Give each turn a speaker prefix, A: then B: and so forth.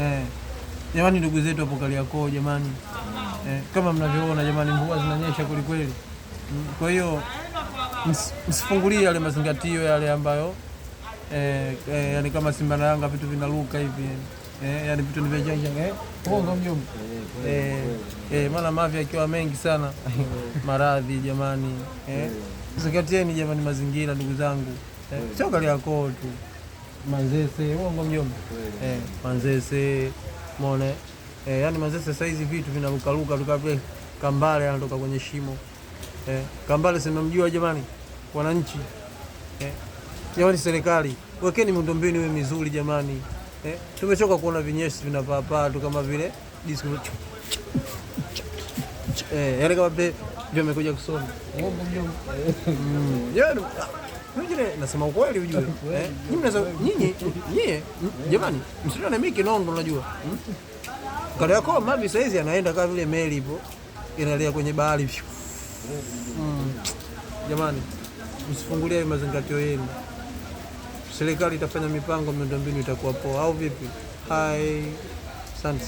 A: Eh. Jamani, ndugu zetu hapo Kariakoo jamani, eh, kama mnavyoona jamani, mvua zinanyesha kwelikweli. Kwa hiyo msifungulie yale mazingatio yale ambayo eh, eh, yani kama Simba na Yanga vitu vinaruka hivi eh, yani vitu ni vijanja eh, uongo mjomba eh, eh, maana mavi akiwa mengi sana maradhi jamani eh, zingatieni jamani mazingira ndugu zangu eh, sio Kariakoo tu. Manzese uongo mjomba eh, Manzese mone eh, yani Manzese sasa hizi vitu vinarukaruka tukavile. Kambale anatoka kwenye shimo eh, Kambale simemjua jamani, wananchi eh, jamani, serikali wekeni miundombinu iwe mizuri jamani eh, tumechoka kuona vinyesi vinapapaa tu kama vile disco eh, yale yaani kama vile vimekuja kusoma uongo mjomba yaani, Ujue nasema ukweli ujue. Eh, nyinyi nyie hmm, jamani na mimi nondo unajua. Hmm? Kale yako mavi saizi anaenda kama vile meli ipo inalia kwenye bahari. Mm. Jamani msifungulie mazingatio yenu. Serikali itafanya mipango, miundombinu itakuwa poa au vipi? Hai. Asante.